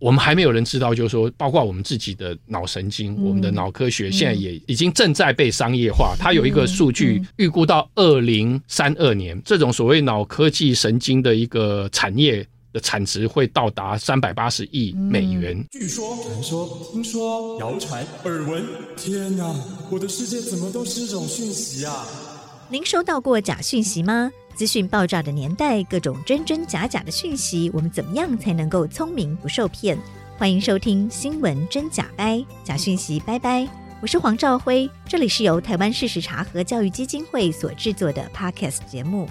我們還沒有人知道，就是說，包括我們自己的腦神經，嗯、我們的腦科學現在也已經正在被商業化。嗯、它有一個數據預估到二零三二年，嗯、這種所謂腦科技神經的一個產業的產值會到達三百八十億美元。嗯、據說、傳說、聽說、謠傳、耳聞，天哪！我的世界怎麼都是這種訊息啊？您收到過假訊息嗎？資訊爆炸的年代，各種真真假假的訊息，我們怎麼樣才能夠聰明不受騙？歡迎收聽《新聞真假掰》，假訊息掰掰。我是黃兆徽，這裡是由台灣事實查核教育基金會所制作的 Podcast 節目。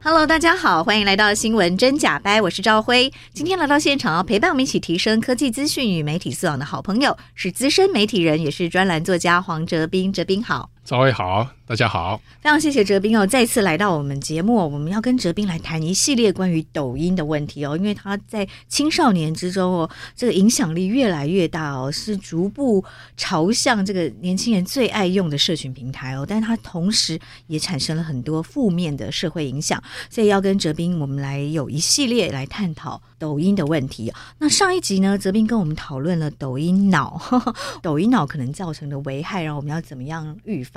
哈嘍，大家好，歡迎來到《新聞真假掰》，我是兆徽。今天來到現場，要陪伴我們一起提升科技資訊與媒體素養的好朋友是資深媒體人，也是專欄作家黃哲斌。哲斌好。各位好，大家好，非常謝謝哲斌哦，再次來到我們節目，我們要跟哲斌來談一系列關於抖音的問題哦，因為他在青少年之中哦，這個影響力越來越大哦，是逐步朝向這個年輕人最愛用的社群平台哦，但是它同時也產生了很多負面的社會影響，所以要跟哲斌我們來有一系列來探討抖音的問題。那上一集呢，哲斌跟我們討論了抖音腦，抖音腦可能造成的危害，然後我們要怎麼樣預防。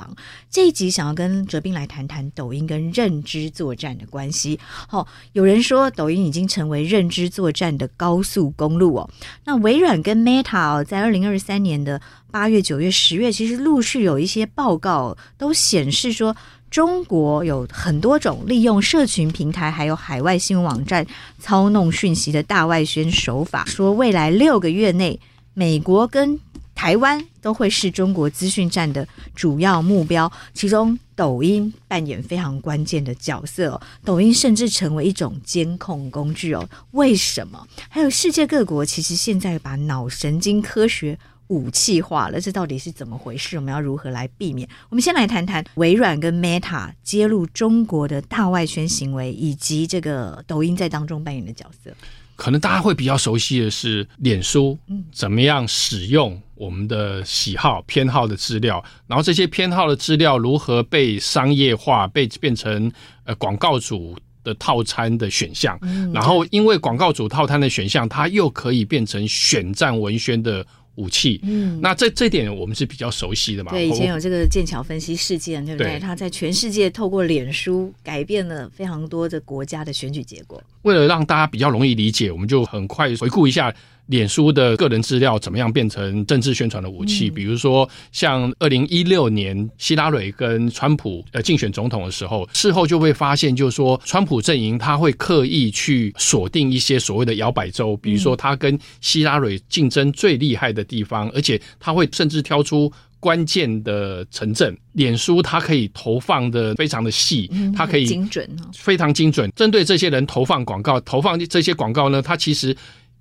這一集想要跟哲斌來談談抖音跟認知作戰的關係。哦，有人說抖音已經成為認知作戰的高速公路哦。那微軟跟 Meta 哦，在二零二三年的八月、九月、十月，其實陸續有一些報告都顯示說，中國有很多種利用社群平台還有海外新聞網站操弄訊息的大外宣手法。說未來六個月內，美國跟台灣都會是中國資訊戰的主要目標，其中抖音扮演非常關鍵的角色、哦，抖音甚至成為一種監控工具哦。為什麼？還有世界各國其實現在把腦神經科學武器化了，這到底是怎麼回事？我們要如何來避免？我們先來談談微軟跟 Meta 揭露中國的大外宣行為，以及這個抖音在當中扮演的角色。可能大家會比較熟悉的是臉書，嗯，怎麼樣使用我們的喜好、偏好的資料，然後這些偏好的資料如何被商業化，被變成呃廣告主的套餐的選項，嗯，然後因為廣告主套餐的選項，它又可以變成選戰文宣的。武器，嗯，那這這點我們是比較熟悉的嘛。對，以前有這個劍橋分析事件，對不對？對，他在全世界透過臉書改變了非常多的國家的選舉結果。為了讓大家比較容易理解，我們就很快回顧一下。臉書的個人資料怎麼樣變成政治宣傳的武器？比如說，像二零一六年希拉蕊跟川普呃競選總統的時候，事後就會發現，就是說，川普陣營他會刻意去鎖定一些所謂的搖擺州，比如說他跟希拉蕊競爭最厲害的地方，而且他會甚至挑出關鍵的城鎮，臉書它可以投放得非常的細，它可以精準，非常精準，嗯，很精準哦，針對這些人投放廣告，投放這些廣告呢，它其實。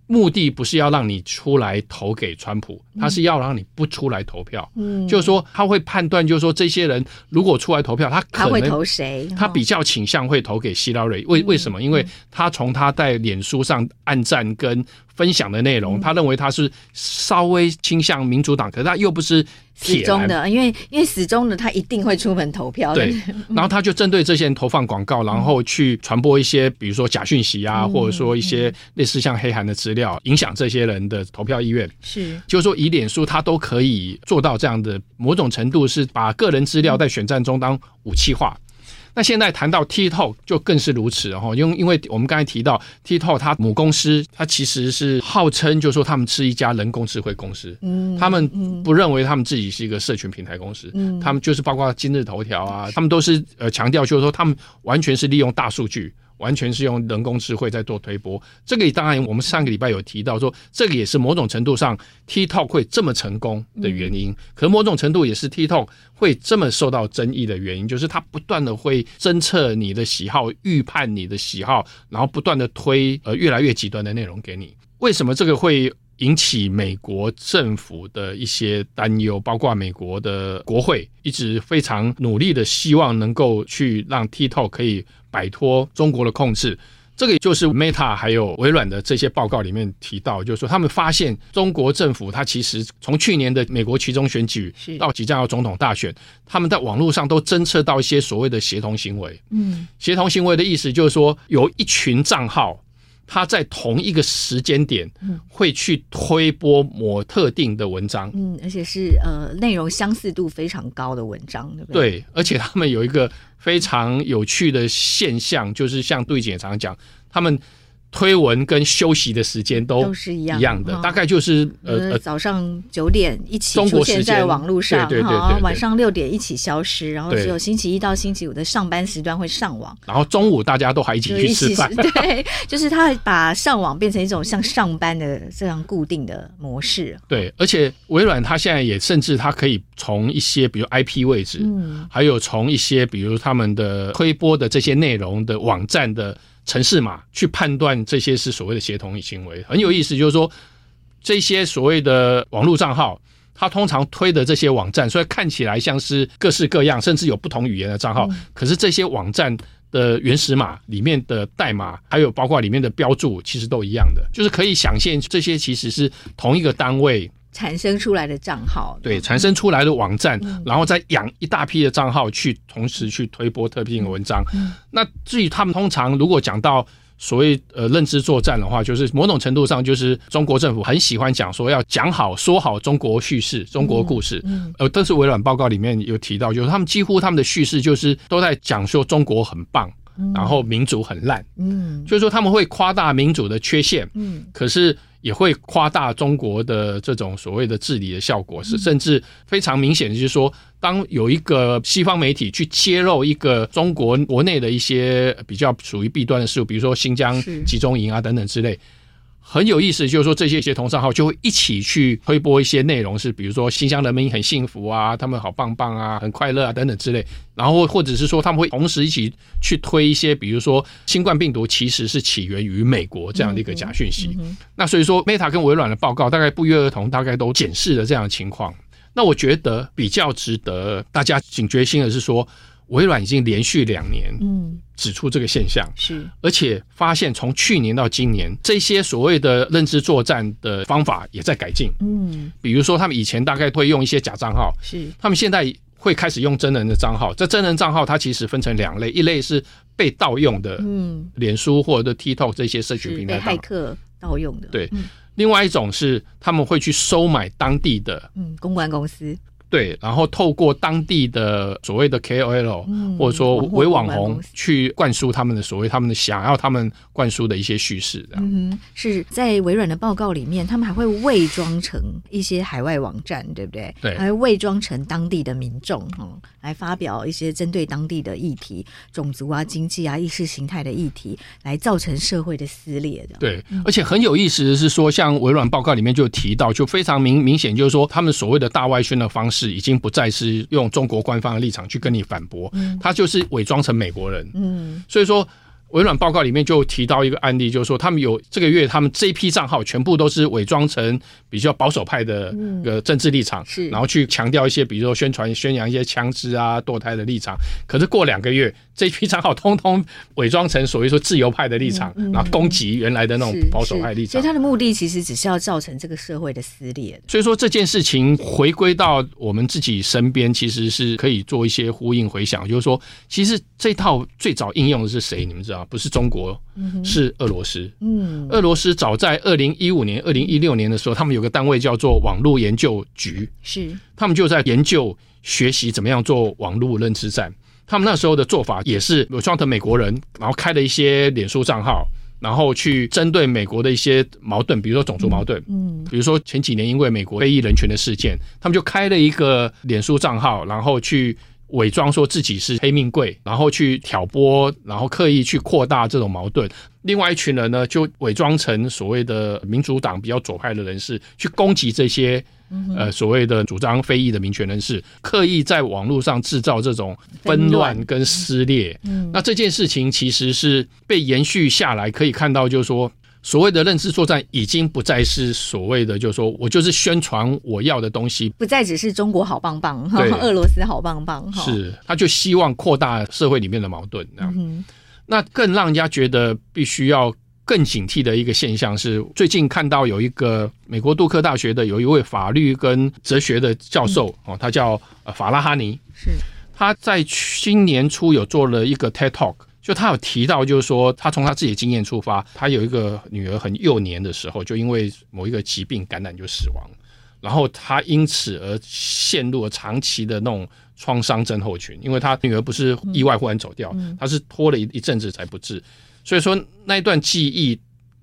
目的不是要讓你出來投給川普，他是要讓你不出來投票。嗯，嗯就，就是說他會判斷，就是說這些人如果出來投票，他可能他會投誰？他比較傾向會投給希拉瑞。哦，為為什麼？因為他從他在臉書上按讚跟。分享的內容，他認為他是稍微傾向民主黨，可是他又不是死忠的，因為因為死忠的他一定會出門投票。對，嗯、然後他就針對這些人投放廣告，然後去傳播一些、嗯、比如說假訊息啊，或者說一些類似像黑函的資料，影響這些人的投票意願。是，就是說以臉書，他都可以做到這樣的某種程度，是把個人資料在選戰中當武器化。那現在談到 TikTok 就更是如此。然後因為因為我們剛才提到 TikTok，它母公司它其實是號稱就是說他們是一家人工智慧公司。嗯、他們不認為他們自己是一個社群平台公司，嗯、他們就是包括今日頭條啊，嗯、他們都是呃強調就是說他們完全是利用大數據。完全是用人工智慧在做推播，這個當然我們上個禮拜有提到說，這個也是某種程度上 TikTok 會這麼成功的原因，嗯、可某種程度也是 TikTok 會這麼受到爭議的原因，就是它不斷的會偵測你的喜好、預判你的喜好，然後不斷的推呃越來越極端的內容給你。為什麼這個會？引起美國政府的一些擔憂，包括美國的國會一直非常努力的希望能夠去讓 TikTok 可以擺脫中國的控制。這個也就是 Meta 還有微軟的這些報告裡面提到，就是說他們發現中國政府它其實從去年的美國期中選舉到即將要總統大選，他們在網絡上都偵測到一些所謂的協同行為。嗯，協同行為的意思就是說有一群賬號。他在同一個時間點會去推播某特定的文章，嗯，而且是呃內容相似度非常高的文章，對不對？對，而且他們有一個非常有趣的現象， 就是像對姐也常常講，他們。推文跟休息的時間都是一樣的，大概就是呃早上九點一起出現在網絡上。對，晚上六點一起消失，然後只有星期一到星期五的上班時段會上網，然後中午大家都還一起去吃飯，對，就是他把上網變成一種像上班的這樣固定的模式。對，而且微軟它現在也甚至它可以從一些比如 IP 位置，還有從一些比如他們的推播的這些內容的網站的。程式碼去判斷這些是所謂的協同行為，很有意思。就是說，這些所謂的網絡賬號，它通常推的這些網站，雖然看起來像是各式各樣，甚至有不同語言的賬號。嗯、可是這些網站的原始碼裡面的代碼，還有包括裡面的標註，其實都一樣的。就是可以想象，這些其實是同一個單位。產生出來的賬號，對，產生出來的網站，嗯、然後再養一大批的賬號去、嗯、同時去推播特定文章。嗯、那至於他們通常如果講到所謂呃認知作戰的話，就是某種程度上就是中國政府很喜歡講說要講好說好中國敘事、中國故事。呃、嗯，但、嗯、是微軟報告裡面有提到，就是他們幾乎他們的敘事就是都在講說中國很棒，嗯、然後民主很爛、嗯。嗯，就是說他們會誇大民主的缺陷。嗯，可是。也會誇大中國的這種所謂的治理的效果，是甚至非常明顯的就是說，當有一個西方媒體去揭露一個中國國內的一些比較屬於弊端的事物，比如說新疆集中營啊等等之類。很有意思，就是說這些協同帳號就會一起去推播一些內容，是比如說新疆人民很幸福啊，他們好棒棒啊，很快樂啊等等之類。然後或者是說他們會同時一起去推一些，比如說新冠病毒其實是起源於美國這樣的一個假訊息。Mm hmm, mm hmm. 那所以說，Meta 跟微軟的報告大概不約而同，大概都檢視了這樣的情況。那我覺得比較值得大家警覺心的是說，微軟已經連續兩年嗯指出這個現象、嗯、是，而且發現從去年到今年，這些所謂的認知作戰的方法也在改進嗯，比如說他們以前大概會用一些假賬號是，他們現在會開始用真人的賬號。這真人賬號它其實分成兩類，一類是被盜用的嗯，臉書或者 TikTok 這些社群平台、嗯、被駭客盜用的對，嗯、另外一種是他們會去收買當地的嗯公關公司。對，然後透過當地的所謂的 KOL、嗯、或者說微網紅去灌輸他們的所謂他們的想要他們灌輸的一些敘事這，這、嗯、是在微軟的報告裡面，他們還會偽裝成一些海外網站，對不對？對，還會偽裝成當地的民眾，嗯、哦，來發表一些針對當地的議題，種族啊、經濟啊、意識形態的議題，來造成社會的撕裂的。對，嗯、而且很有意思的是說，說像微軟報告裡面就提到，就非常明明顯，就是說他們所謂的大外宣的方式。是已經不再是用中國官方的立場去跟你反駁，嗯、他就是偽裝成美國人。嗯，所以說微軟報告裡面就提到一個案例，就是說他們有這個月他們這一批賬號全部都是偽裝成比較保守派的個政治立場，嗯、是然後去強調一些比如說宣傳宣揚一些槍支啊、墮胎的立場。可是過兩個月，這一批賬號通通偽裝成所謂說自由派的立場，嗯嗯、然後攻擊原來的那種保守派立場。所以他的目的其實只是要造成這個社會的撕裂。所以說這件事情回歸到我們自己身邊，其實是可以做一些呼應回響，就是說，其實這套最早應用的是誰？你們知道，不是中國，嗯、是俄羅斯。嗯，俄羅斯早在二零一五年、二零一六年的時候，他們有個單位叫做網絡研究局，是他們就在研究學習怎麼樣做網絡認知戰。他們那時候的做法也是偽裝成美國人，然後開了一些臉書賬號，然後去針對美國的一些矛盾，比如說種族矛盾，嗯，嗯，比如說前幾年因為美國非裔人權的事件，他們就開了一個臉書賬號，然後去偽裝說自己是黑命貴，然後去挑撥，然後刻意去擴大這種矛盾。另外一群人呢，就偽裝成所謂的民主黨比較左派的人士，去攻擊這些。嗯、呃，所謂的主張非議的民權人士，刻意在網絡上制造這種紛亂跟撕裂。斷那這件事情其實是被延續下來，可以看到，就是說，所謂的認知作戰已經不再是所謂的，就是說我就是宣傳我要的東西，不再只是中國好棒棒，對俄羅斯好棒棒，是他就希望擴大社會裡面的矛盾，嗯、哼那更讓人家覺得必須要。更警惕的一個現象是，最近看到有一個美國杜克大學的有一位法律跟哲學的教授，嗯、哦，他叫法拉哈尼，是他在今年初有做了一個 TED Talk，就他有提到，就是說他從他自己的經驗出發，他有一個女兒很幼年的時候就因為某一個疾病感染就死亡，然後他因此而陷入了長期的那種創傷症候群，因為他女兒不是意外忽然走掉，嗯嗯、他是拖了一一陣子才不治。所以說那一段記憶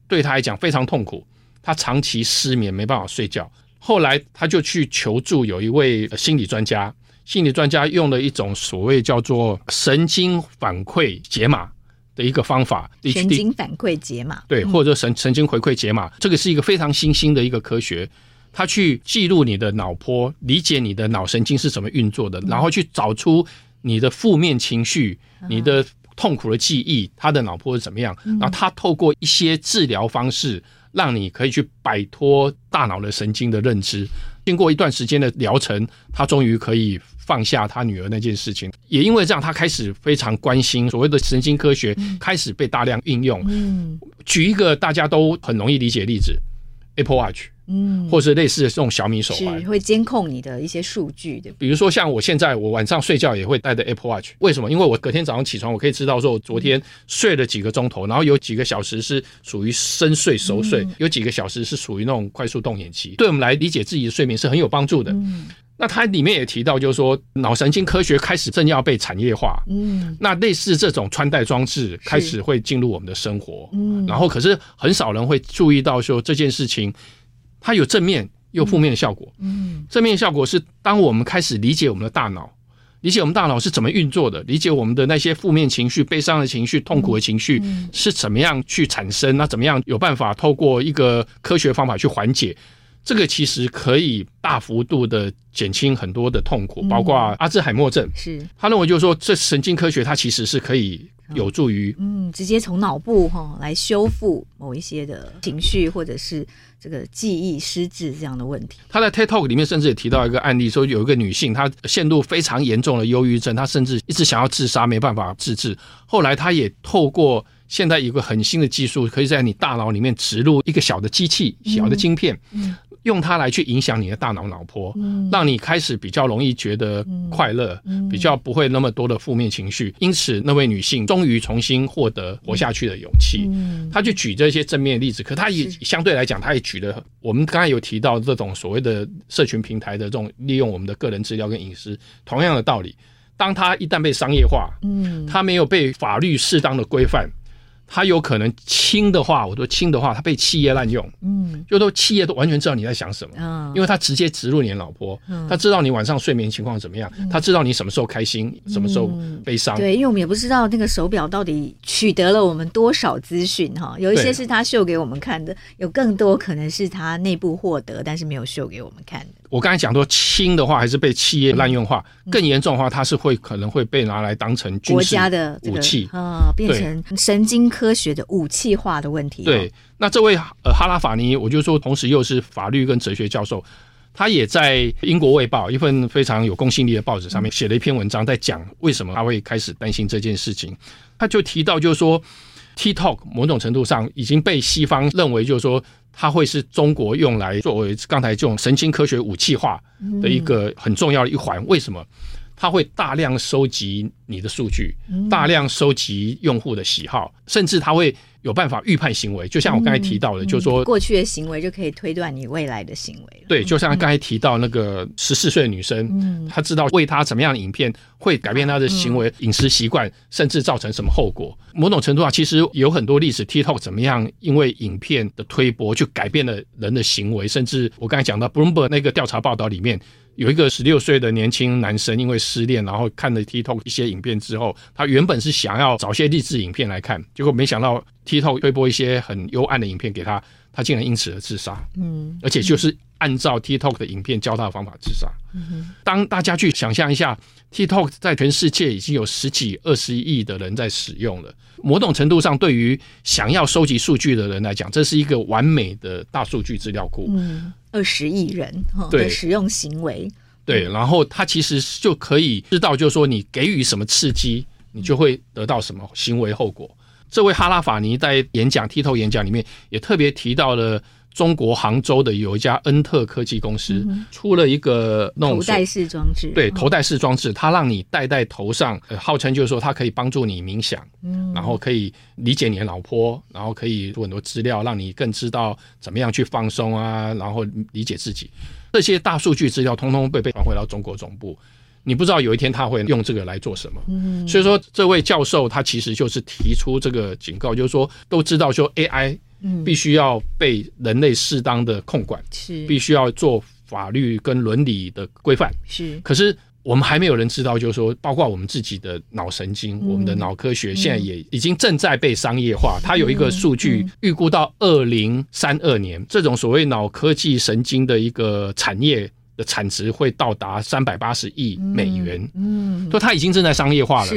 對他來講非常痛苦，他長期失眠沒辦法睡覺。後來他就去求助有一位心理專家，心理專家用了一種所謂叫做神經反饋解碼的一個方法，神經反饋解碼對，或者神神經回饋解碼，嗯、這個是一個非常新興的一個科學，他去記錄你的腦波，理解你的腦神經是怎麼運作的，嗯、然後去找出你的負面情緒，嗯、你的。痛苦的記憶，他的腦波是怎麼樣？那他透過一些治療方式，讓你可以去擺脫大腦的神經的認知。經過一段時間的療程，他終於可以放下他女兒那件事情。也因為這樣，他開始非常關心所謂的神經科學，開始被大量應用。舉一個大家都很容易理解的例子。Apple Watch，嗯，或者是類似的這種小米手環，會監控你的一些數據的，比如說像我現在，我晚上睡覺也會帶着 Apple Watch，為什麼？因為我隔天早上起床，我可以知道說，我昨天睡了幾個鐘頭，然後有幾個小時是屬於深睡熟睡，嗯、有幾個小時是屬於那種快速動眼期，對我們來理解自己的睡眠是很有幫助的。嗯。那它裡面也提到，就是說腦神經科學開始正要被產業化，嗯，那類似這種穿戴裝置開始會進入我們的生活，嗯，然後可是很少人會注意到說這件事情，它有正面又負面的效果，嗯，嗯，正面的效果是當我們開始理解我們的大腦，理解我們大腦是怎麼運作的，理解我們的那些負面情緒、悲傷的情緒、痛苦的情緒是怎麼樣去產生，嗯，嗯，那怎麼樣有辦法透過一個科學方法去緩解。這個其實可以大幅度的減輕很多的痛苦，嗯、包括阿茲海默症。是，他認為就是說，這神經科學它其實是可以有助於，嗯，直接從腦部哈、哦、來修復某一些的情緒或者是這個記憶失智這樣的問題。他在 TikTok 裡面甚至也提到一個案例，嗯、說有一個女性她陷入非常嚴重的憂鬱症，她甚至一直想要自殺，沒辦法自治。後來她也透過現在有個很新的技術，可以在你大腦裡面植入一個小的機器、小的晶片，嗯。嗯用它來去影響你的大腦腦波，讓你開始比較容易覺得快樂，比較不會那麼多的負面情緒。因此，那位女性終於重新獲得活下去的勇氣。她就舉這些正面的例子，可她也相對來講，她也舉了我們剛才有提到這種所謂的社群平台的這種利用我們的個人資料跟隱私，同樣的道理，當它一旦被商業化，它沒有被法律適當的規範。他有可能輕的話，我說輕的話，他被企業濫用，嗯，就都企業都完全知道你在想什麼，嗯，因為他直接植入你的老婆，嗯、他知道你晚上睡眠情況怎麼樣，嗯、他知道你什麼時候開心，什麼時候悲傷、嗯，對，因為我們也不知道那個手表到底取得了我們多少資訊哈，有一些是他秀給我們看的，對有更多可能是他內部獲得，但是沒有秀給我們看的。我剛才講說，輕的話還是被企業濫用化，更嚴重的話，它是會可能會被拿來當成國家的武器啊，變成神經科學的武器化的問題。對，對，那這位呃哈拉法尼，我就說，同時又是法律跟哲學教授，他也在《英國衛報》一份非常有公信力的報紙上面寫了一篇文章，在講為什麼他會開始擔心這件事情。他就提到，就是說，TikTok 某種程度上已經被西方認為，就是說。它會是中國用來作為剛才這種神經科學武器化的一個很重要的一環。嗯、為什麼？它會大量收集你的數據大量收集用戶的喜好，嗯、甚至他會有辦法預判行為。就像我剛才提到的，嗯嗯、就是說過去的行為就可以推斷你未來的行為。對，就像剛才提到那個十四歲的女生，嗯、她知道餵她怎麼樣的影片會改變她的行為、飲、嗯、食習慣，甚至造成什麼後果。嗯、某種程度上，其實有很多歷史 TikTok 怎麼樣，因為影片的推播去改變了人的行為，甚至我剛才講到 Bloomberg 那個調查報道裡面，有一個十六歲的年輕男生因為失戀，然後看了 TikTok 一些。影片之後，他原本是想要找些勵志影片來看，結果沒想到 TikTok 推播一些很幽暗的影片給他，他竟然因此而自殺。嗯，而且就是按照 TikTok 的影片教他的方法自殺。嗯、哼當大家去想象一下，嗯、哼，TikTok 在全世界已經有十幾、二十億的人在使用了，某種程度上，對於想要收集數據的人來講，這是一個完美的大數據資料庫。嗯，二十億人，哦、對的使用行為。對，然後他其實就可以知道，就是說你給予什麼刺激，你就會得到什麼行為後果。嗯、這位哈拉法尼在演講、嗯、TED 演講裡面也特別提到了中國杭州的有一家恩特科技公司，嗯、出了一個那種頭戴式裝置。對，哦、頭戴式裝置，它讓你戴在頭上、呃，號稱就是說它可以幫助你冥想，嗯、然後可以理解你的老婆，然後可以有很多資料，讓你更知道怎麼樣去放鬆啊，然後理解自己。這些大數據資料通通被被傳回到中國總部，你不知道有一天他會用這個來做什麼。嗯，所以說這位教授他其實就是提出這個警告，就是說都知道說 AI 必須要被人類適當的控管，嗯，是，必須要做法律跟倫理的規範，是。可是。我們還沒有人知道，就是說，包括我們自己的腦神經，我們的腦科學，現在也已經正在被商業化。它有一個數據，預估到二零三二年，這種所謂腦科技神經的一個產業的產值會到達三百八十億美元。嗯，說它已經正在商業化了，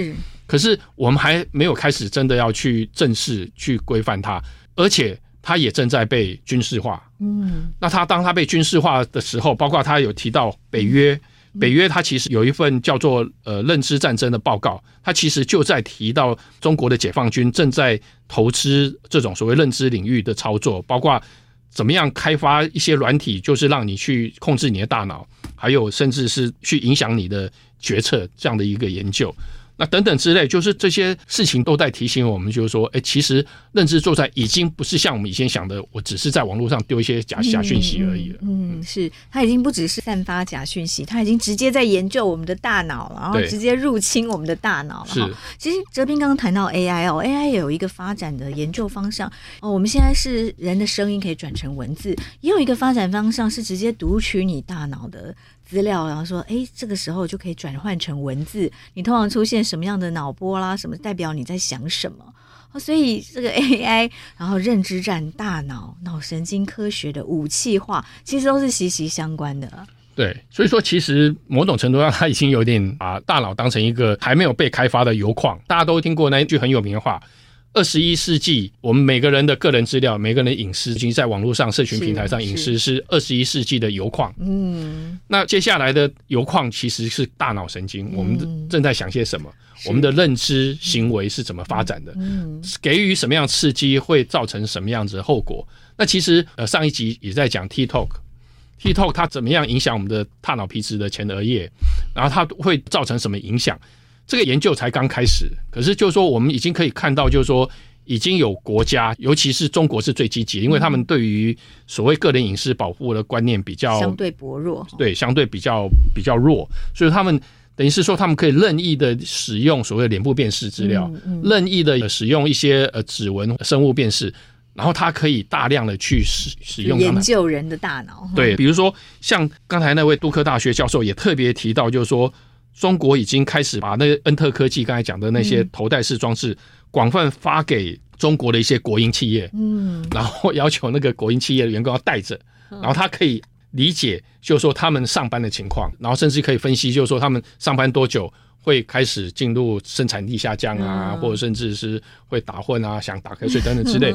可是我們還沒有開始真的要去正式去規範它，而且它也正在被軍事化。嗯，那它當它被軍事化的時候，包括它有提到北約。北約它其實有一份叫做呃認知戰爭的報告，它其實就在提到中國的解放軍正在投資這種所謂認知領域的操作，包括怎麼樣開發一些軟體，就是讓你去控制你的大腦，還有甚至是去影響你的決策這樣的一個研究。那等等之類，就是這些事情都在提醒我們，就是說，哎、欸，其實認知作戰已經不是像我們以前想的，我只是在網絡上丟一些假假訊息而已了嗯。嗯，是，他已經不只是散發假訊息，他已經直接在研究我們的大腦了，然後直接入侵我們的大腦了。是對，其實哲斌剛剛談到 AI 哦，AI 有一個發展的研究方向哦，我們現在是人的聲音可以轉成文字，也有一個發展方向是直接讀取你大腦的資料，然後說，哎，這個時候就可以轉換成文字。你通常出現什麼樣的腦波啦？什麼代表你在想什麼？哦，所以這個 AI，然後認知戰、大腦、腦神經科學的武器化，其實都是息息相關的。對，所以說其實某種程度上，他已經有點把大腦當成一個還沒有被開發的油礦。大家都聽過那一句很有名的話。二十一世紀，我們每個人的個人資料、每個人的隱私，其實在網絡上、社群平台上，隱私是二十一世紀的油礦。嗯，那接下來的油礦其實是大腦神經，嗯、我們正在想些什麼，是我們的認知行為是怎麼發展的，嗯、給予什麼樣刺激會造成什麼樣子的後果？那其實呃，上一集也在講 TikTok，TikTok、嗯、它怎麼樣影響我們的大腦皮質的前額葉，然後它會造成什麼影響？這個研究才剛開始，可是就是說，我們已經可以看到，就是說已經有國家，尤其是中國是最積極的，因為他們對於所謂個人隱私保護的觀念比較相對薄弱，對，相對比較比較弱，所以他們等於是說，他們可以任意的使用所謂臉部辨識資料，嗯嗯、任意的使用一些呃指紋生物辨識，然後它可以大量的去使使用研究人的大腦，嗯、對，比如說像剛才那位杜克大學教授也特別提到，就是說，中國已經開始把那個恩特科技剛才講的那些頭戴式裝置廣泛發給中國的一些國營企業，嗯，然後要求那個國營企業的員工要戴着，然後他可以理解，就是說他們上班的情況，然後甚至可以分析，就是說他們上班多久會開始進入生產力下降啊，嗯，或者甚至是會打混啊，想打瞌睡等等之類。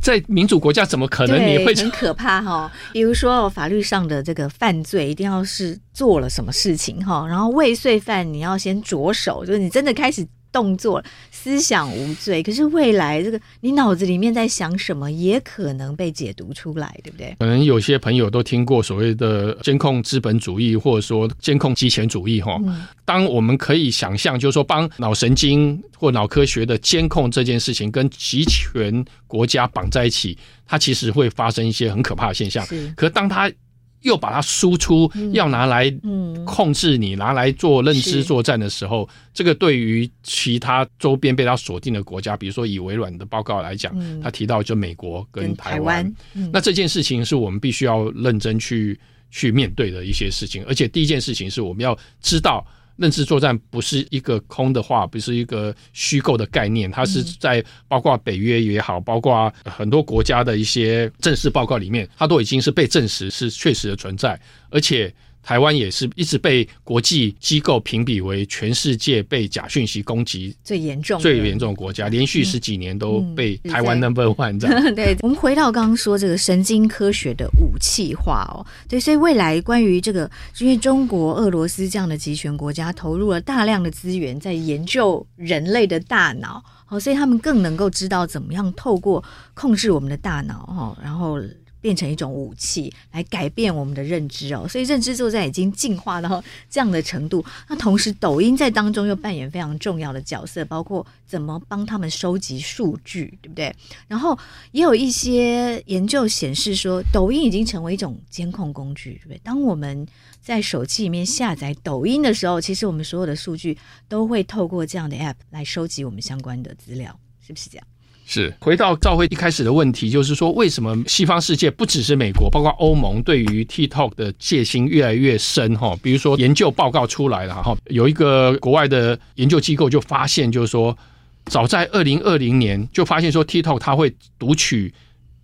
在民主國家，怎麼可能，你會很可怕哈？比如說法律上的這個犯罪，一定要是做了什麼事情哈，然後未遂犯你要先着手，就是你真的開始動作。思想無罪，可是未來這個你腦子裡面在想什麼，也可能被解讀出來，對不對？可能有些朋友都聽過所謂的監控資本主義，或者說監控極權主義，哈、嗯。當我們可以想象，就是說幫腦神經或腦科學的監控這件事情，跟極權國家綁在一起，它其實會發生一些很可怕的現象。是可是當它。又把它輸出，要拿來控制你，嗯嗯、拿來做認知作戰的時候，是、這個對於其他周邊被它鎖定的國家，比如說以微軟的報告來講，嗯、他提到就美國跟台灣，對、台灣、嗯、那這件事情是我們必須要認真去去面對的一些事情。而且第一件事情是我們要知道。認知作戰不是一個空的話，不是一個虛構的概念，它是在包括北約也好，包括很多國家的一些正式報告裡面，它都已經是被證實是確實的存在，而且。台灣也是一直被國際機構評比為全世界被假訊息攻擊最嚴重、最嚴重的國家，連續十幾年都被台灣、no. 嗯。嗯、台灣 number one？這樣。 對，對我們回到剛剛說這個神經科學的武器化哦，對，所以未來關於這個，因為中國、俄羅斯這樣的極權國家投入了大量的資源在研究人類的大腦，哦，所以他們更能夠知道怎麼樣透過控制我們的大腦，哦，然後。變成一種武器來改變我們的認知哦，所以認知作戰已經進化到這樣的程度。那同時，抖音在當中又扮演非常重要的角色，包括怎麼幫他們收集數據，對不對？然後也有一些研究顯示說，抖音已經成為一種監控工具，對不對？當我們在手機裡面下載抖音的時候，其實我們所有的數據都會透過這樣的 app 來收集我們相關的資料，是不是這樣？是回到兆徽一開始的問題，就是說為什麼西方世界不只是美國，包括歐盟對於 TikTok 的戒心越來越深哈？比如說研究報告出來了哈，有一個國外的研究機構就發現，就是說早在二零二零年就發現說 TikTok 它會讀取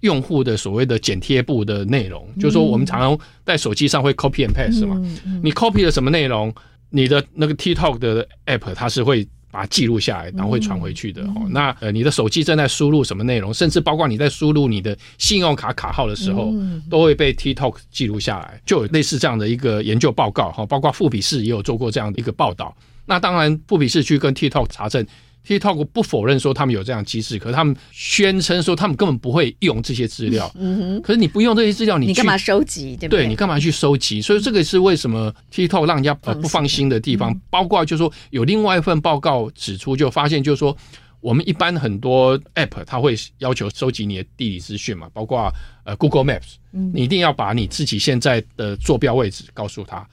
用戶的所謂的剪貼簿的內容，嗯、就是說我們常常在手機上會 copy and paste 嘛，嗯嗯嗯、你 copy 了什麼內容，你的那個 TikTok 的 app 它是會。把它記錄下來，然後會傳回去的。嗯、那呃，你的手機正在輸入什麼內容，甚至包括你在輸入你的信用卡卡號的時候，都會被 TikTok 記錄下來。就有類似這樣的一個研究報告，哈，包括富比士也有做過這樣的一個報道。那當然，富比士去跟 TikTok 查證。TikTok 不否認說他們有這樣機制，可是他們宣稱說他們根本不會用這些資料。嗯嗯、哼，可是你不用這些資料，你去、你幹嘛收集？對不對？對，你幹嘛去收集？所以這個是為什麼 TikTok 讓人家、呃、不放心的地方。哦，是嗯、包括就是說有另外一份報告指出，就發現就是說我們一般很多 App 它會要求收集你的地理資訊嘛，包括、呃、Google Maps，你一定要把你自己現在的坐標位置告訴他。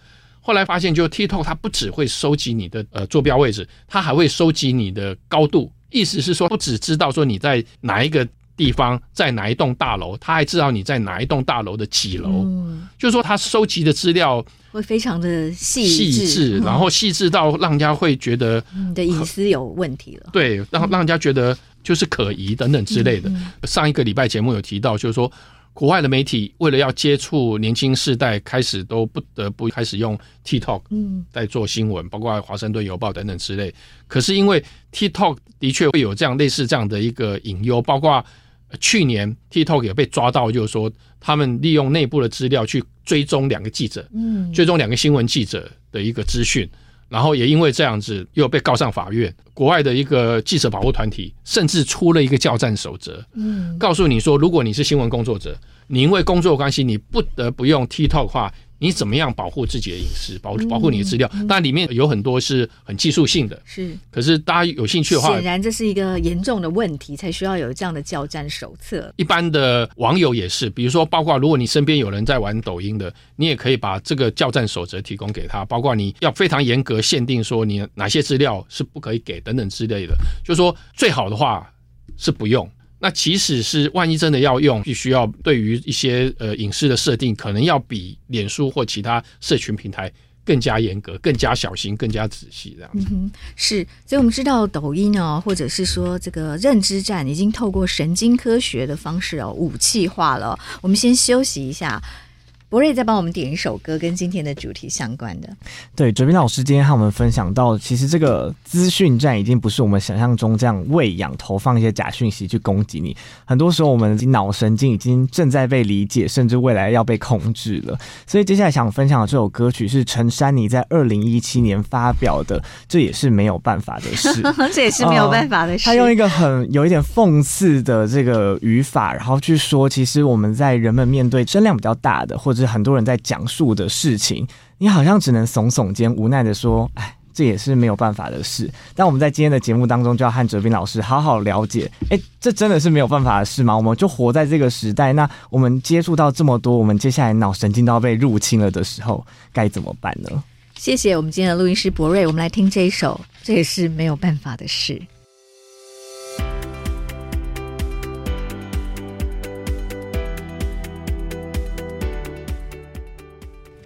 後來發現，就 TikTok 它不只會收集你的呃坐標位置，它還會收集你的高度。意思是說，不只知道說你在哪一個地方，在哪一棟大樓，他還知道你在哪一棟大樓的幾樓。嗯、就是說他收集的資料會非常的細細緻，然後細致到讓人家會覺得、嗯、呵你的隱私有問題了。對，讓讓人家覺得就是可疑等等之類的。嗯嗯、上一個禮拜節目有提到，就是說。國外的媒體為了要接觸年輕世代，開始都不得不開始用 TikTok，嗯，在做新聞，包括《華盛頓郵報》等等之類。可是因為 TikTok 的確會有這樣類似這樣的一個隱憂，包括去年 TikTok 也被抓到，就是說他們利用內部的資料去追蹤兩個記者，嗯，追蹤兩個新聞記者的一個資訊。然後也因為這樣子，又被告上法院。國外的一個記者保護團體甚至出了一個教戰守則，嗯、告訴你說，如果你是新聞工作者，你因為工作關係，你不得不用 TikTok 的話，你怎麼樣保護自己的隱私？保保護你的資料？那、嗯嗯、裡面有很多是很技術性的，是。可是大家有興趣的話，顯然這是一個嚴重的問題，才需要有這樣的教戰手冊。一般的網友也是，比如說，包括如果你身邊有人在玩抖音的，你也可以把這個教戰守則提供給他。包括你要非常嚴格限定說，你哪些資料是不可以給等等之類的。就說最好的話是不用。那其實是萬一真的要用，必須要對於一些呃隱私的設定，可能要比臉書或其他社群平台更加嚴格、更加小心、更加仔細，這樣。嗯哼，是。所以我們知道抖音哦，或者是說這個認知戰已經透過神經科學的方式哦武器化了。我們先休息一下。博瑞再幫我們點一首歌，跟今天的主題相關的。對，哲斌老師今天和我們分享到，其實這個資訊戰已經不是我們想象中這樣餵養、投放一些假訊息去攻擊你。很多時候，我們腦神經已經正在被理解，甚至未來要被控制了。所以，接下來想分享的這首歌曲是陳珊妮在二零一七年發表的，這也是沒有辦法的事， 這也是沒有辦法的事。嗯、 他用一個很有一點諷刺的這個語法，然後去說，其實我們在人們面對聲量比較大的或者是很多人在講述的事情，你好像只能聳聳肩，無奈地說：“哎，這也是沒有辦法的事。”但我們在今天的節目當中，就要和哲斌老師好好了解。哎、欸，這真的是沒有辦法的事嗎？我們就活在這個時代，那我們接觸到這麼多，我們接下來腦神經都要被入侵了的時候，該怎麼辦呢？謝謝我們今天的錄音師博瑞，我們來聽這一首。這也是沒有辦法的事。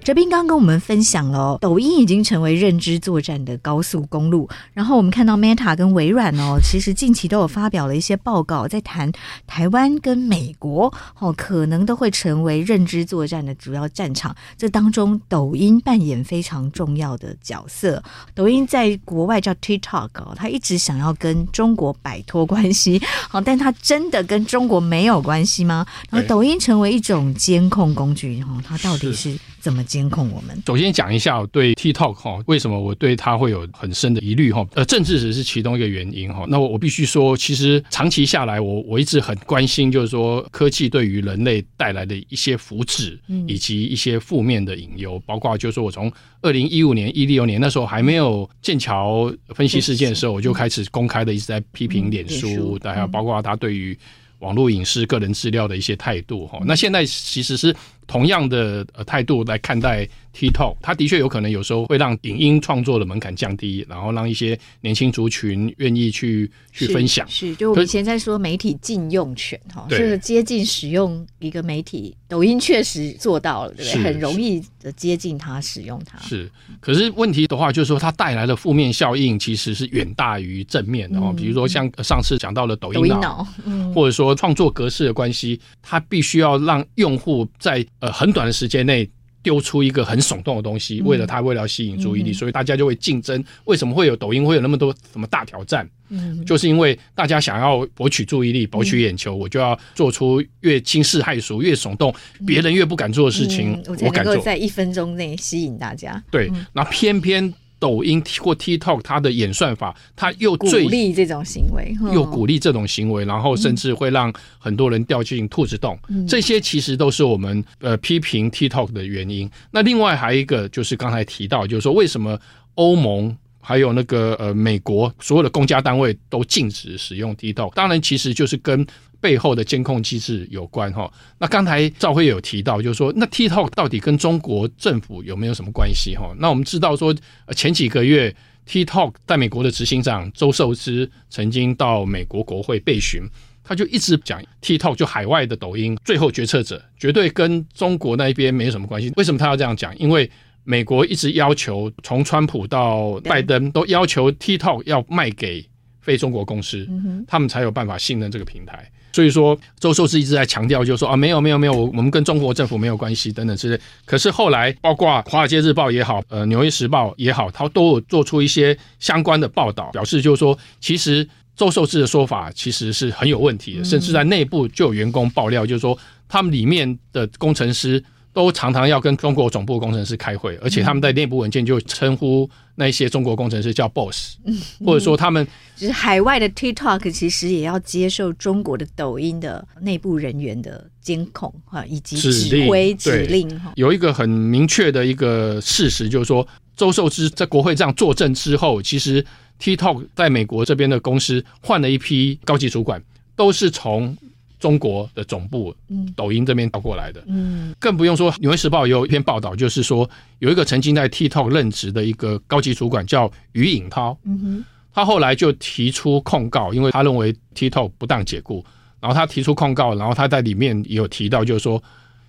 哲斌剛剛跟我們分享了，哦，抖音已經成為認知作戰的高速公路。然後我們看到 Meta 跟微軟哦，其實近期都有發表了一些報告，在談台灣跟美國哦，可能都會成為認知作戰的主要戰場。這當中，抖音扮演非常重要的角色。抖音在國外叫 TikTok，哦，它一直想要跟中國擺脫關係。好，哦，但它真的跟中國沒有關係嗎？然後抖音成為一種監控工具，哦，它到底是？怎麼監控我們？首先講一下我對 TikTok 哈，為什麼我對它會有很深的疑慮哈？呃，政治只是其中一個原因哈。那我我必須說，其實長期下來我，我我一直很關心，就是說科技對於人類帶來的一些福祉，以及一些負面的隱憂，嗯、包括就是說我從二零一五年、一六年那時候還沒有劍橋分析事件的時候，嗯、我就開始公開的一直在批評臉書，還有、嗯嗯、包括他對於網絡隱私、個人資料的一些態度哈。嗯、那現在其實是。同樣的呃態度來看待 TikTok，它的確有可能有時候會讓影音創作的門檻降低，然後讓一些年輕族群願意去去分享是。是，就我們以前在說媒體近用權哈，就是對接近使用一個媒體，抖音確實做到了，對不對？是很容易的接近它使用它。是，可是問題的話就是說，它帶來的負面效應其實是遠大於正面的。嗯、比如說像上次講到了抖音腦，抖音 now, 嗯、或者說創作格式的關係，它必須要讓用戶在呃，很短的時間內丟出一個很聳動的東西，嗯、為了他為了要吸引注意力，嗯、哼所以大家就會競爭。為什麼會有抖音會有那麼多什麼大挑戰？嗯、哼就是因為大家想要博取注意力、博取眼球，嗯、我就要做出越驚世駭俗、越聳動，別人越不敢做的事情，嗯嗯、我覺得能夠在一分鐘內吸引大家。嗯、對，那偏偏。抖音或 TikTok 它的演算法，它又最鼓勵這種行為，又鼓勵這種行為，然後甚至會讓很多人掉進兔子洞。嗯、這些其實都是我們呃批評 TikTok 的原因。嗯、那另外還有一個就是剛才提到，就是說為什麼歐盟還有那個呃美國所有的公家單位都禁止使用 TikTok？當然其實就是跟。背後的監控機制有關哈，那剛才兆徽有提到，就是說那 TikTok 到底跟中國政府有沒有什麼關係哈？那我們知道說，前幾個月 TikTok 在美國的執行長周受資曾經到美國國會備詢，他就一直講 TikTok 就海外的抖音，最後決策者絕對跟中國那邊沒有什麼關係。為什麼他要這樣講？因為美國一直要求從川普到拜登對都要求 TikTok 要賣給非中國公司，嗯、哼他們才有辦法信任這個平台。所以說，周受資一直在強調，就是說啊，沒有沒有沒有，我們跟中國政府沒有關係等等之類。可是後來，包括《華爾街日報》也好，呃，《紐約時報》也好，他都有做出一些相關的報道，表示就是說，其實周受資的說法其實是很有問題的，嗯、甚至在內部就有員工爆料，就是說他們裡面的工程師。都常常要跟中國總部工程師開會，而且他們在內部文件就稱呼那些中國工程師叫 Boss、嗯、或者說他們就是海外的 TikTok 其實也要接受中國的抖音的內部人員的監控以及指揮指令。有一個很明確的一個事實就是說，周受資在國會這樣作證之後，其實 TikTok 在美國這邊的公司換了一批高級主管，都是從。中國的總部，抖音這邊倒過來的，嗯，更不用說《紐約時報》有一篇報道，就是說有一個曾經在 TikTok 任職的一個高級主管叫余穎濤，嗯哼，他後來就提出控告，因為他認為 TikTok 不當解僱，然後他提出控告，然後他在裡面也有提到，就是說，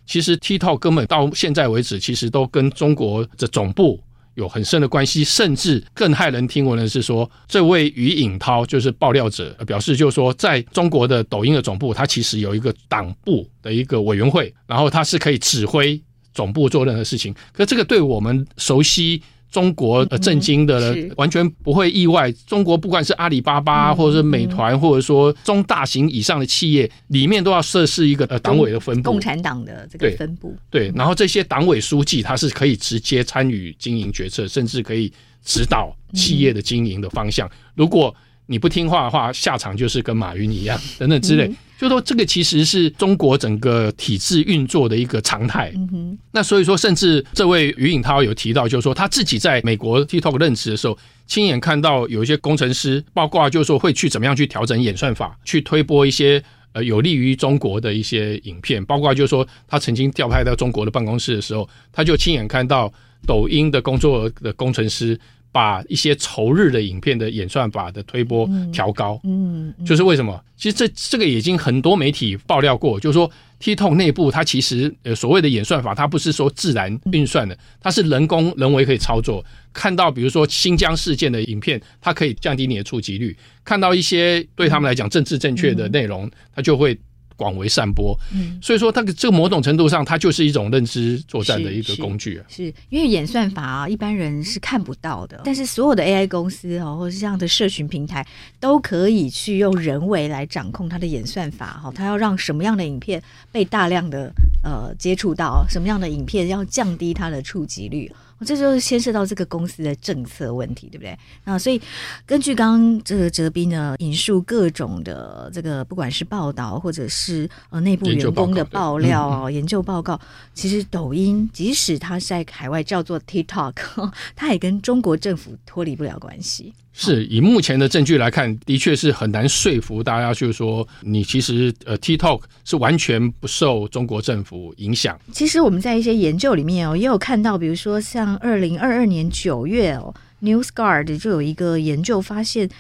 其實 TikTok 根本到現在為止，其實都跟中國的總部。有很深的關係，甚至更駭人聽聞的是說，這位於穎濤就是爆料者表示，就是說，在中國的抖音的總部，他其實有一個黨部的一個委員會，然後他是可以指揮總部做任何事情。可這個對我們熟悉。中國政經的，完全不會意外。嗯嗯，中國不管是阿里巴巴，或者是美團，或者說中大型以上的企業，裡面都要設置一個呃黨委的分布，共，共產黨的這個分布。對，對嗯、然後這些黨委書記他是可以直接參與經營決策，甚至可以指導企業的經營的方向。嗯、如果你不聽話的話，下場就是跟馬雲一樣，等等之類。嗯就說這個其實是中國整個體制運作的一個常態。嗯哼，那所以說，甚至這位余穎濤有提到，就是說他自己在美國 TikTok 任職的時候，親眼看到有一些工程師，包括就是說會去怎麼樣去調整演算法，去推播一些呃有利於中國的一些影片，包括就是說他曾經調派到中國的辦公室的時候，他就親眼看到抖音的工作的工程師。把一些仇日的影片的演算法的推播調高。嗯，嗯，嗯，就是為什麼？其實這這個已經很多媒體爆料過，就是說 TikTok 內部它其實呃所謂的演算法，它不是說自然運算的，它是人工人為可以操作。看到比如說新疆事件的影片，它可以降低你的觸及率；看到一些對他們來講政治正確的內容，嗯、它就會。廣為散播，嗯，所以說它這個某種程度上，它就是一種認知作戰的一個工具啊。是，是，是因為演算法啊，一般人是看不到的，但是所有的 AI 公司哦、啊，或是這樣的社群平台，都可以去用人為來掌控它的演算法哈。它要讓什麼樣的影片被大量的呃接觸到，什麼樣的影片要降低它的觸及率。這就是牽涉到這個公司的政策問題，對不對？那、啊、所以根據剛剛這個哲斌呢引述各種的這個，不管是報道或者是呃內部員工的爆料、研究報告、對，嗯嗯、研究報告，其實抖音即使它是在海外叫做 TikTok，它也跟中國政府脫離不了關係。是以目前的證據來看，的確是很難說服大家，就是說，你其實呃，TikTok 是完全不受中國政府影響。其實我們在一些研究裡面哦，也有看到，比如說像二零二二年九月哦，NewsGuard 就有一個研究發現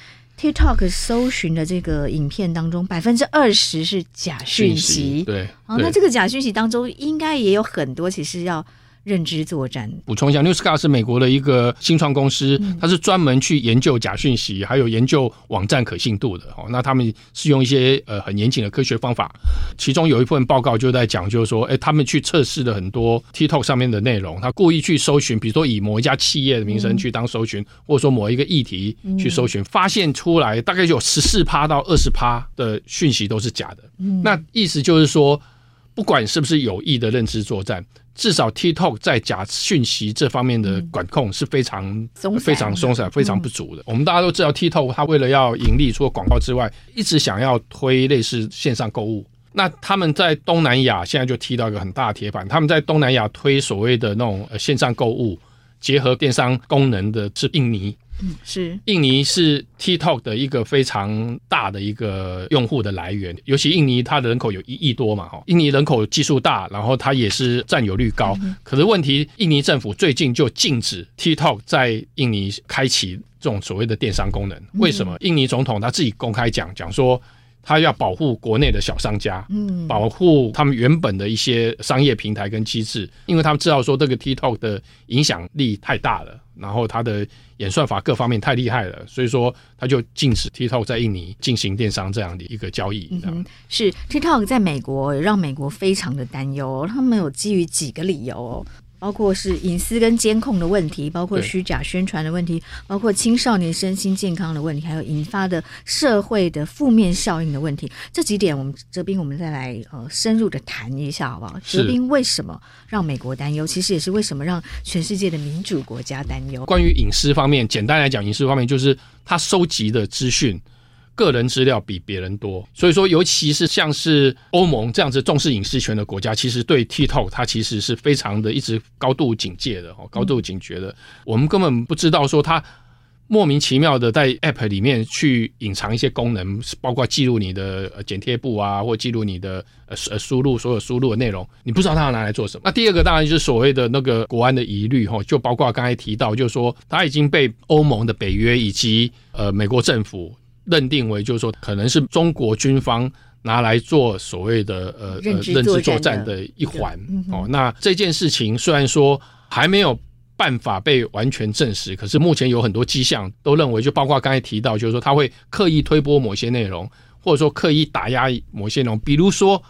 ，TikTok 搜尋的這個影片當中，百分之二十是假訊息。對，對，哦，那這個假訊息當中，應該也有很多其實要。認知作戰補充一下，Newscare 是美國的一個新創公司，嗯、它是專門去研究假訊息，還有研究網站可信度的。哦，那他們是用一些呃很嚴謹的科學方法，其中有一份報告就在講，就是說，哎、欸，他們去測試了很多 TikTok 上面的內容，他故意去搜尋，比如說以某一家企業的名聲去當搜尋，嗯、或者說某一個議題去搜尋，發現出來大概有十四趴到二十趴的訊息都是假的。嗯、那意思就是說，不管是不是有意的認知作戰。至少 TikTok 在假訊息這方面的管控是非常、嗯、鬆非常鬆散、非常不足的。嗯、我們大家都知道，TikTok 他為了要盈利，除了廣告之外，一直想要推類似線上購物。那他們在東南亞現在就踢到一個很大的鐵板，他們在東南亞推所謂的那種呃線上購物結合電商功能的是印尼。嗯，是。印尼是 TikTok 的一個非常大的一個用戶的來源，尤其印尼它人口有一億多嘛，哈。印尼人口基數大，然後它也是佔有率高。嗯、可是問題，印尼政府最近就禁止 TikTok 在印尼開啟這種所謂的電商功能。為什麼？嗯、印尼總統他自己公開講講說。他要保護國內的小商家，嗯，保護他們原本的一些商業平台跟機制，因為他們知道說這個 TikTok 的影響力太大了，然後他的演算法各方面太厲害了，所以說他就禁止 TikTok 在印尼進行電商這樣的一個交易。嗯，是 TikTok 在美國也讓美國非常的擔憂，他們有基於幾個理由。包括是隱私跟監控的問題，包括虛假宣傳的問題，對包括青少年身心健康的問題，還有引發的社會的負面效應的問題。這幾點，我們哲斌，我們再來呃深入的談一下，好不好？哲斌，為什麼讓美國擔憂？是其實也是為什麼讓全世界的民主國家擔憂。關於隱私方面，簡單來講，隱私方面就是他收集的資訊。個人資料比別人多，所以說，尤其是像是歐盟這樣子重視隱私權的國家，其實對 TikTok 它其實是非常的一直高度警戒的哦，高度警覺的。嗯、我們根本不知道說它莫名其妙的在 App 裡面去隱藏一些功能，包括記錄你的剪貼簿啊，或記錄你的呃輸入所有輸入的內容，你不知道它要拿來做什麼。那第二個當然就是所謂的那個國安的疑慮哦，就包括剛才提到，就是說它已經被歐盟的北約以及呃美國政府。認定為就是說，可能是中國軍方拿來做所謂的呃認知作戰、呃、作戰的一環、嗯、哦。那這件事情雖然說還沒有辦法被完全證實，可是目前有很多跡象都認為，就包括剛才提到，就是說他會刻意推播某些內容，或者說刻意打壓某些內容。比如說，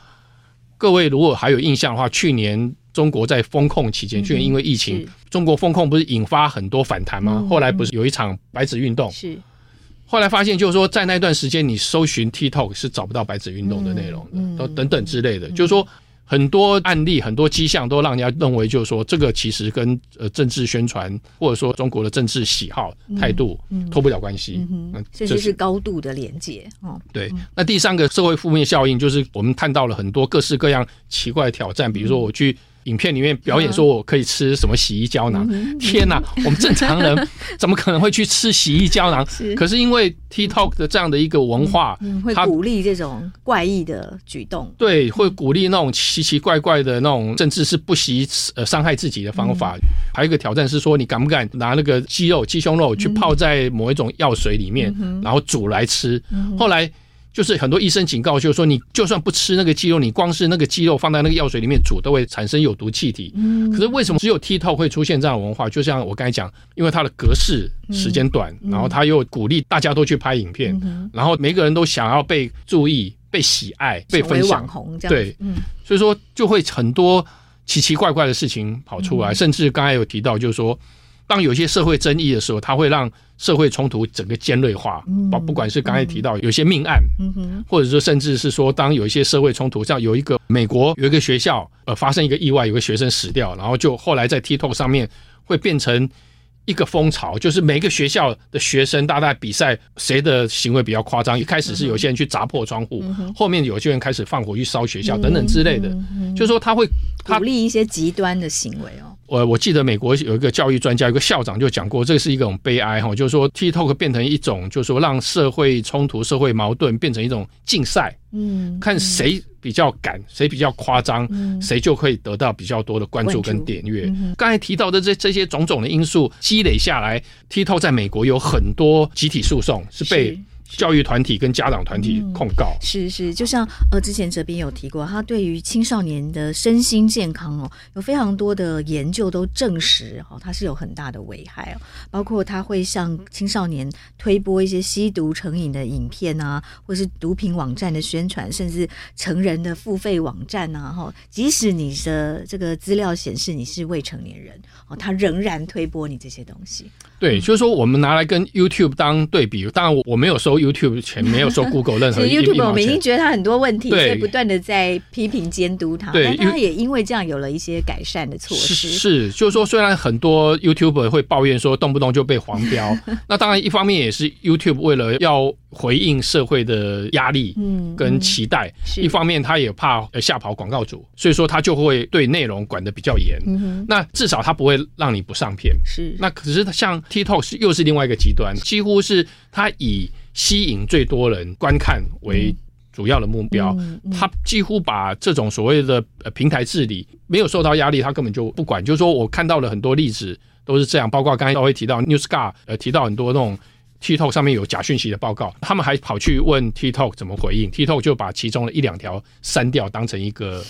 各位如果還有印象的話，去年中國在封控期間，去年、嗯、哼因為疫情，是中國封控不是引發很多反彈嗎？嗯、哼後來不是有一場白紙運動？是。後來發現，就是說，在那段時間，你搜尋 TikTok 是找不到白紙運動的內容的，等等之類的。就是說，很多案例、很多跡象都讓人家認為，就是說，這個其實跟呃政治宣傳，或者說中國的政治喜好態度脫不了關係，這就是高度的連接。哦，對。那第三個社會負面效應，就是我們看到了很多各式各樣奇怪的挑戰，比如說我去。影片裡面表演說，我可以吃什麼洗衣膠囊？嗯嗯嗯、天哪，我們正常人怎麼可能會去吃洗衣膠囊？是可是因為 TikTok 的這樣的一個文化，嗯嗯嗯、會鼓勵這種怪異的舉動。對，會鼓勵那種奇奇怪怪的那種，甚至是不惜呃傷害自己的方法。嗯、還有一個挑戰是說，你敢不敢拿那個雞肉、雞胸肉去泡在某一種藥水裡面，嗯嗯嗯、然後煮來吃？嗯嗯嗯、後來。就是很多醫生警告，就是說你就算不吃那個雞肉，你光是那個雞肉放在那個藥水裡面煮，都會產生有毒氣體。嗯。可是為什麼只有 TikTok 會出現這樣的文化？就像我剛才講，因為它的格式時間短，嗯嗯、然後他又鼓勵大家都去拍影片，嗯嗯、然後每個人都想要被注意、被喜愛、嗯、被分享，對，所以說就會很多奇奇怪怪的事情跑出來。嗯、甚至剛才有提到，就是說當有些社會爭議的時候，它會讓。社會衝突整個尖銳化，把、嗯、不管是剛才提到有些命案，嗯嗯、或者說甚至是說，當有一些社會衝突，像有一個美國有一個學校呃發生一個意外，有個學生死掉，然後就後來在 TikTok 上面會變成一個風潮，就是每個學校的學生大概比賽誰的行為比較誇張。一開始是有些人去砸破窗戶，嗯、後面有些人開始放火去燒學校等等之類的，就是說他會考慮一些極端的行為哦。我我記得美國有一個教育專家，一個校長就講過，這是一種悲哀哈，就是說 TikTok 變成一種，就是說讓社會衝突、社會矛盾變成一種競賽、嗯，嗯，看誰比較敢，誰比較誇張，誰、嗯、就可以得到比較多的關注跟點閱。剛、嗯、才提到的這這些種種的因素積累下來，TikTok 在美國有很多集體訴訟是被。是教育團體跟家長團體控告、嗯、是是，就像呃之前哲斌有提過，他對於青少年的身心健康哦，有非常多的研究都證實哦，他是有很大的危害哦，包括他會向青少年推播一些吸毒成癮的影片啊，或是毒品網站的宣傳，甚至成人的付費網站吶、啊、哈、哦，即使你的這個資料顯示你是未成年人哦，他仍然推播你這些東西。對，就是說我們拿來跟 YouTube 當對比，當然我我沒有收。YouTube 前沒有說 Google 任何，其 YouTube 我們已經覺得它很多問題，在對不斷的在批評監督它。對，它也因為這樣有了一些改善的措施。是，是，就是說，雖然很多 YouTuber 會抱怨說動不動就被黃標， 那當然一方面也是 YouTube 為了要回應社會的壓力，嗯，跟期待，嗯嗯、是一方面他也怕嚇跑廣告主，所以說他就會對內容管得比較嚴。嗯、哼那至少他不會讓你不上片。是，那可是像 TikTok、ok、是又是另外一個極端，幾乎是他以，吸引最多人觀看為主要的目標，嗯嗯嗯、他幾乎把這種所謂的、呃、平台治理沒有受到壓力，他根本就不管。就是說我看到了很多例子都是這樣，包括剛才都會提到 NewsGuard，、呃、提到很多那種 TikTok 上面有假訊息的報告，他們還跑去問 TikTok 怎麼回應，TikTok 就把其中的一兩條刪掉，當成一個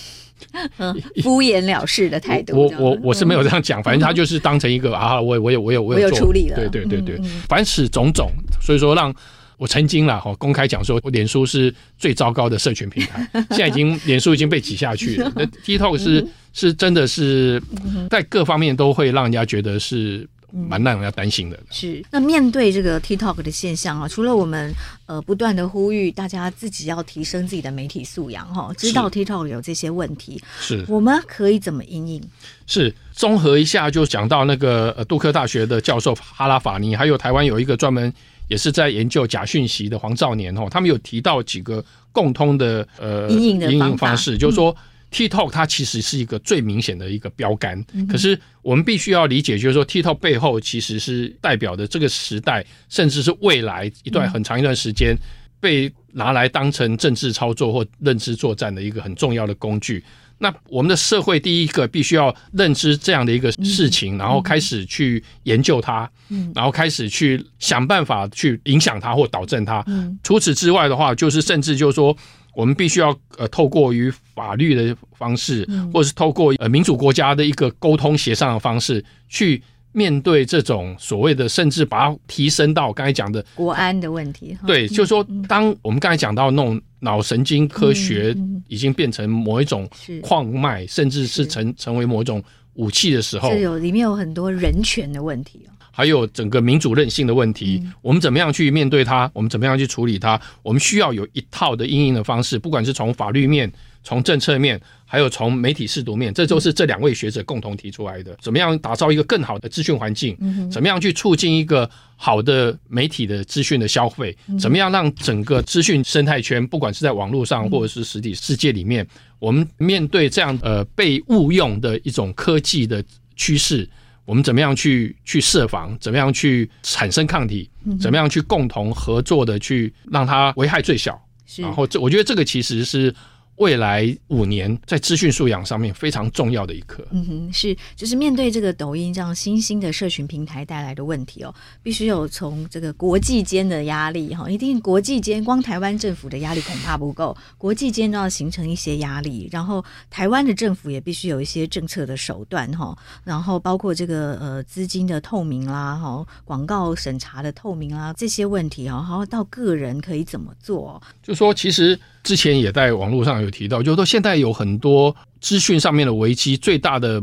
敷衍了事的態度、 嗯。我我我是沒有這樣講，反正他就是當成一個、嗯、啊，我我也我也我也做，我有了對對對對，嗯嗯、凡此種種，所以說讓。我曾經了哈公開講說，我臉書是最糟糕的社群平台， 現在已經臉書已經被擠下去了。 TikTok 是、嗯、哼是真的是、嗯、哼在各方面都會讓人家覺得是蠻讓人家擔心的。嗯、是那面對這個 TikTok 的現象啊，除了我們呃不斷的呼籲大家自己要提升自己的媒體素養哈，知道 TikTok 有這些問題，是我們可以怎麼因應？是，綜合一下就講到那個、呃、杜克大學的教授哈拉法尼，還有台灣有一個專門。也是在研究假訊息的黃兆年哦，他們有提到幾個共通的呃因應的方法、因應方式，就是說、嗯、TikTok 它其實是一個最明顯的一個標杆。嗯、哼可是我們必須要理解，就是說 TikTok 背後其實是代表著這個時代，甚至是未來一段很長一段時間被拿來當成政治操作或認知作戰的一個很重要的工具。那我們的社會第一個必須要認知這樣的一個事情，嗯嗯、然後開始去研究它，嗯、然後開始去想辦法去影響它或導正它。嗯、除此之外的話，就是甚至就是說，我們必須要呃透過於法律的方式，嗯、或者是透過呃民主國家的一個溝通協商的方式去。面對這種所謂的，甚至把它提升到我剛才講的國安的問題。對，嗯、就是說，當我們剛才講到那種腦神經科學已經變成某一種礦脈，嗯嗯、甚至是成是成為某一種武器的時候，有裡面有很多人權的問題還有整個民主韌性的問題。嗯、我們怎麼樣去面對它？我們怎麼樣去處理它？我們需要有一套的因應的方式，不管是從法律面，從政策面，還有從媒體識讀面，這就是這兩位學者共同提出來的：怎麼樣打造一個更好的資訊環境？嗯、哼怎麼樣去促進一個好的媒體的資訊的消費？嗯、哼怎麼樣讓整個資訊生態圈，不管是在網絡上或者是實體世界裡面，嗯、哼我們面對這樣呃被誤用的一種科技的趨勢，我們怎麼樣去去設防？怎麼樣去產生抗體？嗯、哼怎麼樣去共同合作的去讓它危害最小？是然後這，我覺得這個其實是。未來五年在資訊素養上面非常重要的一課。嗯哼，是，就是面對這個抖音這樣新興的社群平台帶來的問題哦，必須有從這個國際間的壓力哈，一定國際間光台灣政府的壓力恐怕不夠，國際間都要形成一些壓力，然後台灣的政府也必須有一些政策的手段哈，然後包括這個呃資金的透明啦，哈廣告審查的透明啦，這些問題啊，然後到個人可以怎麼做？就說其實。之前也在網絡上有提到，就是說現在有很多資訊上面的危機，最大的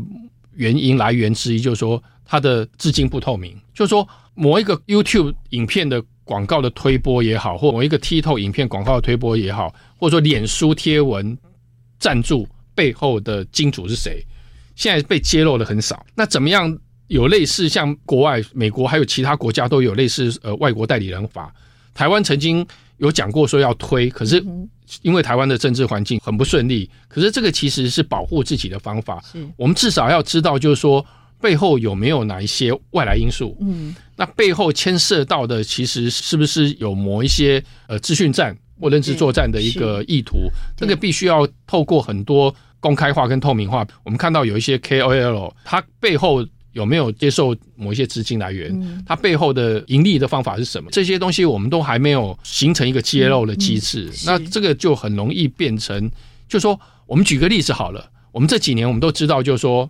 原因來源之一就是說，它的資金不透明。就是說某一個 YouTube 影片的廣告的推播也好，或者某一個 TikTok 影片廣告的推播也好，或者說臉書貼文贊助背後的金主是誰，現在被揭露的很少。那怎麼樣有類似像國外、美國還有其他國家都有類似呃外國代理人法？台灣曾經有講過說要推，可是。因為台灣的政治環境很不順利，可是這個其實是保護自己的方法。是我們至少要知道，就是說背後有沒有哪一些外來因素。嗯，那背後牽涉到的，其實是不是有某一些呃資訊戰或認知作戰的一個意圖？這個必須要透過很多公開化跟透明化。對我們看到有一些 KOL，他背後。有沒有接受某些資金來源？嗯、它背後的盈利的方法是什麼？這些東西我們都還沒有形成一個揭露的機制，嗯嗯、那這個就很容易變成，就說我們舉個例子好了，我們這幾年我們都知道，就是說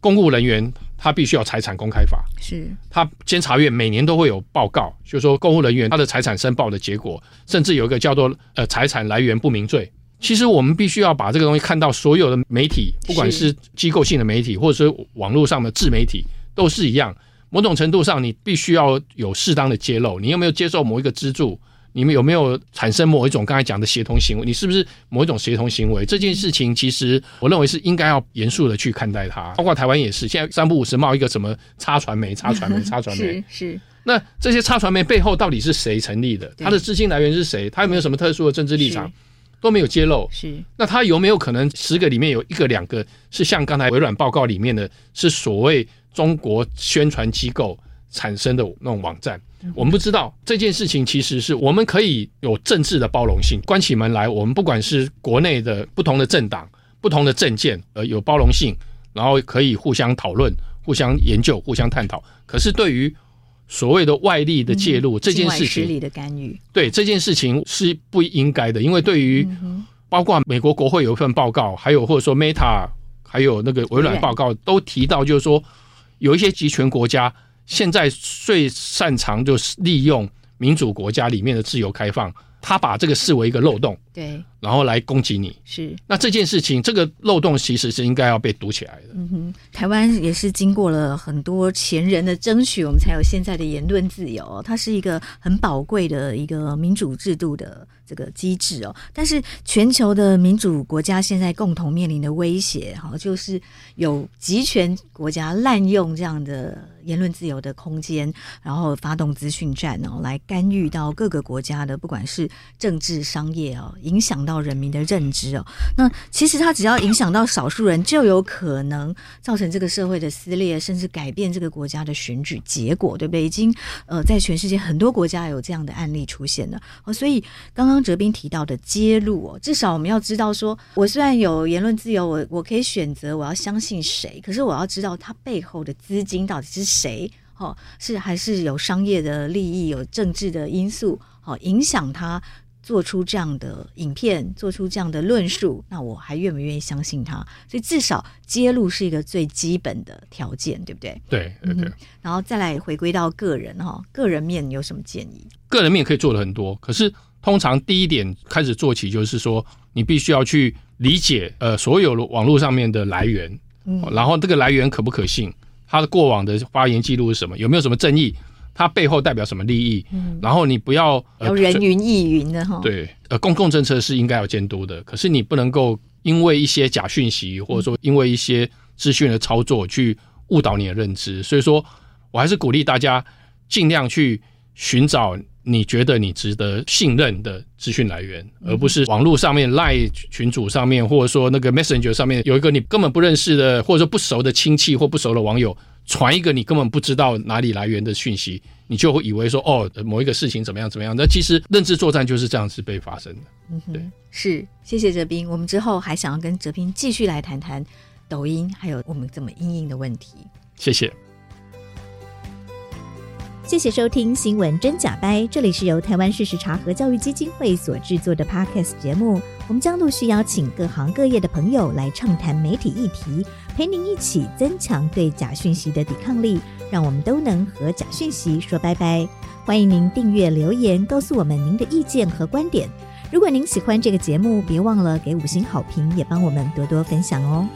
公務人員他必須要財產公開法，是他監察院每年都會有報告，就是說公務人員他的財產申報的結果，甚至有一個叫做呃財產來源不明罪。其實我們必須要把這個東西看到，所有的媒體，不管是機構性的媒體，或者是網絡上的自媒體，都是一樣。某種程度上，你必須要有適當的揭露。你有沒有接受某一個資助？你們有沒有產生某一種剛才講的協同行為？你是不是某一種協同行為？這件事情，其實我認為是應該要嚴肅的去看待它。包括台灣也是，現在三不五時冒一個什麼插傳媒、插傳媒、插傳媒 是。是。那這些插傳媒背後到底是誰成立的？他的資金來源是誰？他有對沒有什麼特殊的政治立場？都沒有揭露，是那他有沒有可能十個裡面有一個、兩個是像剛才微軟報告裡面的，是所謂中國宣傳機構產生的那種網站？嗯、我們不知道這件事情。其實是我們可以有政治的包容性，關起門來，我們不管是國內的不同的政黨、不同的政見，呃，有包容性，然後可以互相討論、互相研究、互相探討。可是對於所謂的外力的介入，嗯、外力的干預。這件事情，對這件事情是不應該的，因為對於包括美國國會有一份報告，還有或者說 Meta 還有那個微軟報告對都提到，就是說有一些極權國家現在最擅長就是利用民主國家裡面的自由開放，他把這個視為一個漏洞。對。然後來攻擊你，是。那這件事情，這個漏洞其實是應該要被堵起來的。嗯哼，台灣也是經過了很多前人的爭取，我們才有現在的言論自由，它是一個很寶貴的一個民主制度的這個機制哦。但是全球的民主國家現在共同面臨的威脅哈，就是有極權國家濫用這樣的言論自由的空間，然後發動資訊戰哦，來干預到各個國家的，不管是政治、商業哦，影響到。到人民的認知哦，那其實他只要影響到少數人，就有可能造成這個社會的撕裂，甚至改變這個國家的選舉結果，對不對？已經呃，在全世界很多國家有這樣的案例出現了。哦，所以剛剛哲斌提到的揭露哦，至少我們要知道說，說我雖然有言論自由，我我可以選擇我要相信誰，可是我要知道他背後的資金到底是誰哦，是還是有商業的利益，有政治的因素好，哦，影響他。做出這樣的影片，做出這樣的論述，那我還願不願意相信他？所以至少揭露是一個最基本的條件，對不對？對，OK，嗯。然後再來回歸到個人哈，個人面你有什麼建議？個人面可以做的很多，可是通常第一點開始做起，就是說你必須要去理解呃，所有網絡上面的來源，嗯，然後這個來源可不可信？他的過往的發言記錄是什麼？有沒有什麼爭議？它背後代表什麼利益？嗯、然後你不要要人云亦云的哈、哦。對，呃，公共政策是應該要監督的，可是你不能夠因為一些假訊息，或者說因為一些資訊的操作去誤導你的認知。嗯、所以說我還是鼓勵大家盡量去尋找你覺得你值得信任的資訊來源，嗯、而不是網絡上面、賴群組上面，或者說那個 Messenger 上面有一個你根本不認識的，或者說不熟的親戚或者不熟的網友。傳一個你根本不知道哪裡來源的訊息，你就會以為說哦，某一個事情怎麼樣怎麼樣。那其實認知作戰就是這樣子被發生的。嗯哼，對是，謝謝哲斌。我們之後還想要跟哲斌繼續來談談抖音還有我們怎麼因應的問題。謝謝，謝謝收聽新聞真假掰，這裡是由台灣事實查核教育基金會所製作的 Podcast 節目。我們將陸續邀請各行各業的朋友來暢談媒體議題。陪您一起增強對假訊息的抵抗力，讓我們都能和假訊息說拜拜。歡迎您訂閱留言，告訴我們您的意見和觀點。如果您喜歡這個節目，別忘了給五星好評，也幫我們多多分享哦。